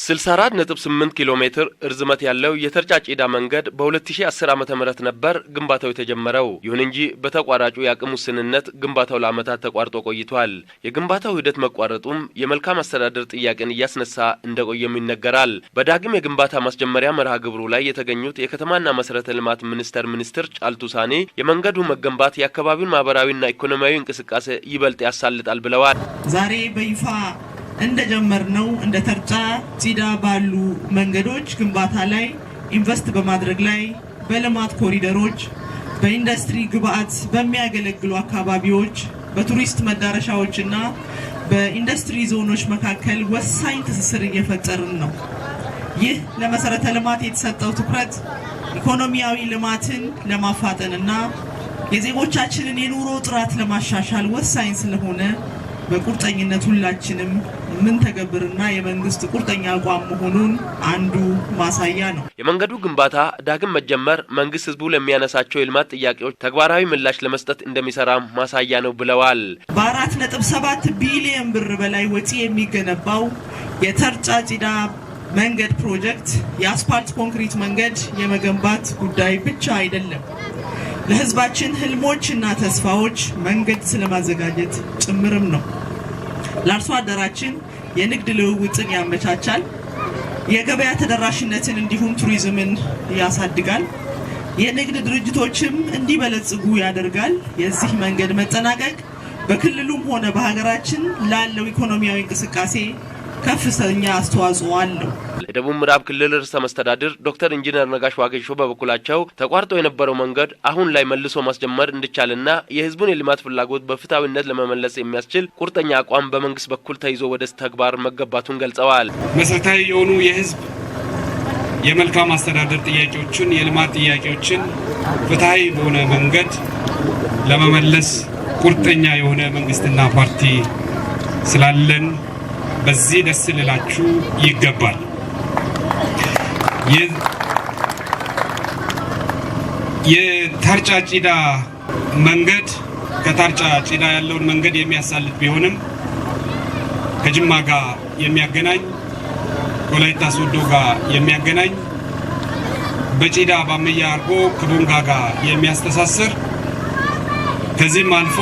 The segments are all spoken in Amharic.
64.8 ኪሎ ሜትር እርዝመት ያለው የተርጫጭዳ መንገድ በ2010 ዓ ም ነበር ግንባታው የተጀመረው። ይሁን እንጂ በተቋራጩ የአቅም ውስንነት ግንባታው ለዓመታት ተቋርጦ ቆይቷል። የግንባታው ሂደት መቋረጡም የመልካም አስተዳደር ጥያቄን እያስነሳ እንደቆየም ይነገራል። በዳግም የግንባታ ማስጀመሪያ መርሃ ግብሩ ላይ የተገኙት የከተማና መሠረተ ልማት ሚኒስቴር ሚኒስትር ጫልቱ የመንገዱ መገንባት የአካባቢውን ማህበራዊና ኢኮኖሚያዊ እንቅስቃሴ ይበልጥ ያሳልጣል ብለዋል። ዛሬ በይፋ እንደጀመርነው እንደ ተርጫ ጺዳ ባሉ መንገዶች ግንባታ ላይ ኢንቨስት በማድረግ ላይ በልማት ኮሪደሮች፣ በኢንዱስትሪ ግብዓት በሚያገለግሉ አካባቢዎች፣ በቱሪስት መዳረሻዎችና በኢንዱስትሪ ዞኖች መካከል ወሳኝ ትስስር እየፈጠርን ነው። ይህ ለመሰረተ ልማት የተሰጠው ትኩረት ኢኮኖሚያዊ ልማትን ለማፋጠንና የዜጎቻችንን የኑሮ ጥራት ለማሻሻል ወሳኝ ስለሆነ በቁርጠኝነት ሁላችንም የምንተገብርና የመንግስት ቁርጠኛ አቋም መሆኑን አንዱ ማሳያ ነው። የመንገዱ ግንባታ ዳግም መጀመር መንግስት ህዝቡ ለሚያነሳቸው የልማት ጥያቄዎች ተግባራዊ ምላሽ ለመስጠት እንደሚሰራ ማሳያ ነው ብለዋል። በአራት ነጥብ ሰባት ቢሊየን ብር በላይ ወጪ የሚገነባው የተርጫ ጭዳ መንገድ ፕሮጀክት የአስፓልት ኮንክሪት መንገድ የመገንባት ጉዳይ ብቻ አይደለም። ለህዝባችን ህልሞች እና ተስፋዎች መንገድ ስለማዘጋጀት ጭምርም ነው። ለአርሶ አደራችን የንግድ ልውውጥን ያመቻቻል፣ የገበያ ተደራሽነትን እንዲሁም ቱሪዝምን ያሳድጋል፣ የንግድ ድርጅቶችም እንዲበለጽጉ ያደርጋል። የዚህ መንገድ መጠናቀቅ በክልሉም ሆነ በሀገራችን ላለው ኢኮኖሚያዊ እንቅስቃሴ ከፍተኛ አስተዋጽኦ አለው። ለደቡብ ምዕራብ ክልል ርዕሰ መስተዳድር ዶክተር ኢንጂነር ነጋሽ ዋጌሾ በበኩላቸው ተቋርጦ የነበረው መንገድ አሁን ላይ መልሶ ማስጀመር እንዲቻልና የሕዝቡን የልማት ፍላጎት በፍትሐዊነት ለመመለስ የሚያስችል ቁርጠኛ አቋም በመንግስት በኩል ተይዞ ወደ ተግባር መገባቱን ገልጸዋል። መሰረታዊ የሆኑ የሕዝብ የመልካም አስተዳደር ጥያቄዎችን፣ የልማት ጥያቄዎችን ፍትሐዊ በሆነ መንገድ ለመመለስ ቁርጠኛ የሆነ መንግስትና ፓርቲ ስላለን በዚህ ደስ ልላችሁ ይገባል። የታርጫ ጭዳ መንገድ ከታርጫ ጭዳ ያለውን መንገድ የሚያሳልፍ ቢሆንም ከጅማ ጋር የሚያገናኝ ወላይታ ሶዶ ጋር የሚያገናኝ በጭዳ ባመያ አርጎ ከቦንጋ ጋር የሚያስተሳስር ከዚህም አልፎ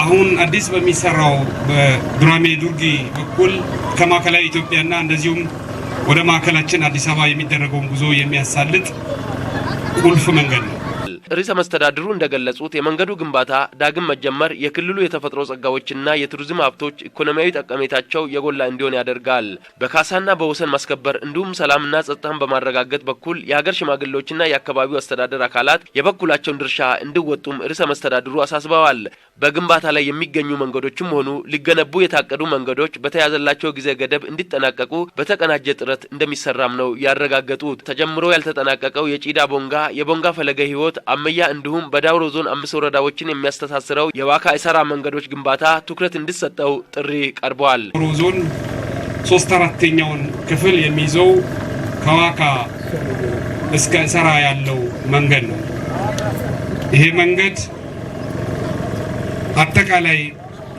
አሁን አዲስ በሚሰራው በዱራሜ ዱርጊ በኩል ከማዕከላዊ ኢትዮጵያና እንደዚሁም ወደ ማዕከላችን አዲስ አበባ የሚደረገውን ጉዞ የሚያሳልጥ ቁልፍ መንገድ ነው። ርዕሰ መስተዳድሩ እንደገለጹት የመንገዱ ግንባታ ዳግም መጀመር የክልሉ የተፈጥሮ ጸጋዎችና የቱሪዝም ሀብቶች ኢኮኖሚያዊ ጠቀሜታቸው የጎላ እንዲሆን ያደርጋል። በካሳና በወሰን ማስከበር እንዲሁም ሰላምና ጸጥታን በማረጋገጥ በኩል የሀገር ሽማግሌዎችና የአካባቢው አስተዳደር አካላት የበኩላቸውን ድርሻ እንዲወጡም ርዕሰ መስተዳድሩ አሳስበዋል። በግንባታ ላይ የሚገኙ መንገዶችም ሆኑ ሊገነቡ የታቀዱ መንገዶች በተያዘላቸው ጊዜ ገደብ እንዲጠናቀቁ በተቀናጀ ጥረት እንደሚሰራም ነው ያረጋገጡት። ተጀምሮ ያልተጠናቀቀው የጪዳ ቦንጋ የቦንጋ ፈለገ ህይወት አመያ እንዲሁም በዳውሮ ዞን አምስት ወረዳዎችን የሚያስተሳስረው የዋካ ኢሳራ መንገዶች ግንባታ ትኩረት እንዲሰጠው ጥሪ ቀርበዋል። ዳውሮ ዞን ሶስት አራተኛውን ክፍል የሚይዘው ከዋካ እስከ ኢሳራ ያለው መንገድ ነው። ይሄ መንገድ አጠቃላይ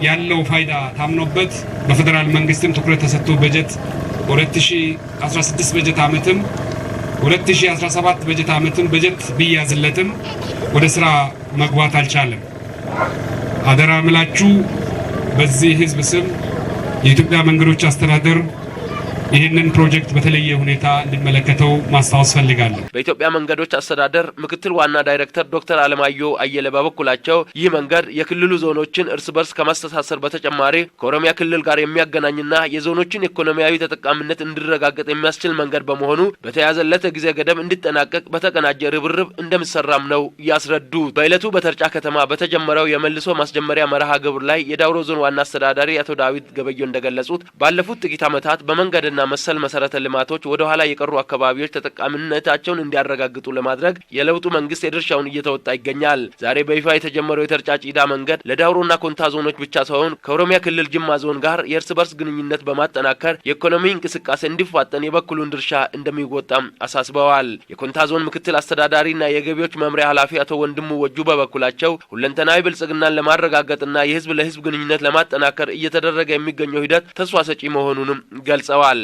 ያለው ፋይዳ ታምኖበት በፌዴራል መንግስትም ትኩረት ተሰጥቶ በጀት 2016 በጀት ዓመትም 2017 በጀት ዓመትን በጀት ቢያዝለትም ወደ ስራ መግባት አልቻለም። አደራ ምላችሁ በዚህ ህዝብ ስም የኢትዮጵያ መንገዶች አስተዳደር ይህንን ፕሮጀክት በተለየ ሁኔታ እንድመለከተው ማስታወስ ፈልጋለሁ። በኢትዮጵያ መንገዶች አስተዳደር ምክትል ዋና ዳይሬክተር ዶክተር አለማየሁ አየለ በበኩላቸው ይህ መንገድ የክልሉ ዞኖችን እርስ በርስ ከማስተሳሰር በተጨማሪ ከኦሮሚያ ክልል ጋር የሚያገናኝና የዞኖችን ኢኮኖሚያዊ ተጠቃሚነት እንዲረጋገጥ የሚያስችል መንገድ በመሆኑ በተያዘለት ጊዜ ገደብ እንዲጠናቀቅ በተቀናጀ ርብርብ እንደሚሰራም ነው ያስረዱ። በዕለቱ በተርጫ ከተማ በተጀመረው የመልሶ ማስጀመሪያ መርሃ ግብር ላይ የዳውሮ ዞን ዋና አስተዳዳሪ አቶ ዳዊት ገበየው እንደገለጹት ባለፉት ጥቂት ዓመታት በመንገድና መብራትና መሰል መሰረተ ልማቶች ወደ ኋላ የቀሩ አካባቢዎች ተጠቃሚነታቸውን እንዲያረጋግጡ ለማድረግ የለውጡ መንግስት የድርሻውን እየተወጣ ይገኛል። ዛሬ በይፋ የተጀመረው የተርጫ ጪዳ መንገድ ለዳውሮና ኮንታ ዞኖች ብቻ ሳይሆን ከኦሮሚያ ክልል ጅማ ዞን ጋር የእርስ በርስ ግንኙነት በማጠናከር የኢኮኖሚ እንቅስቃሴ እንዲፋጠን የበኩሉን ድርሻ እንደሚወጣም አሳስበዋል። የኮንታ ዞን ምክትል አስተዳዳሪና የገቢዎች መምሪያ ኃላፊ አቶ ወንድሙ ወጁ በበኩላቸው ሁለንተናዊ ብልጽግናን ለማረጋገጥና የህዝብ ለህዝብ ግንኙነት ለማጠናከር እየተደረገ የሚገኘው ሂደት ተስፋ ሰጪ መሆኑንም ገልጸዋል።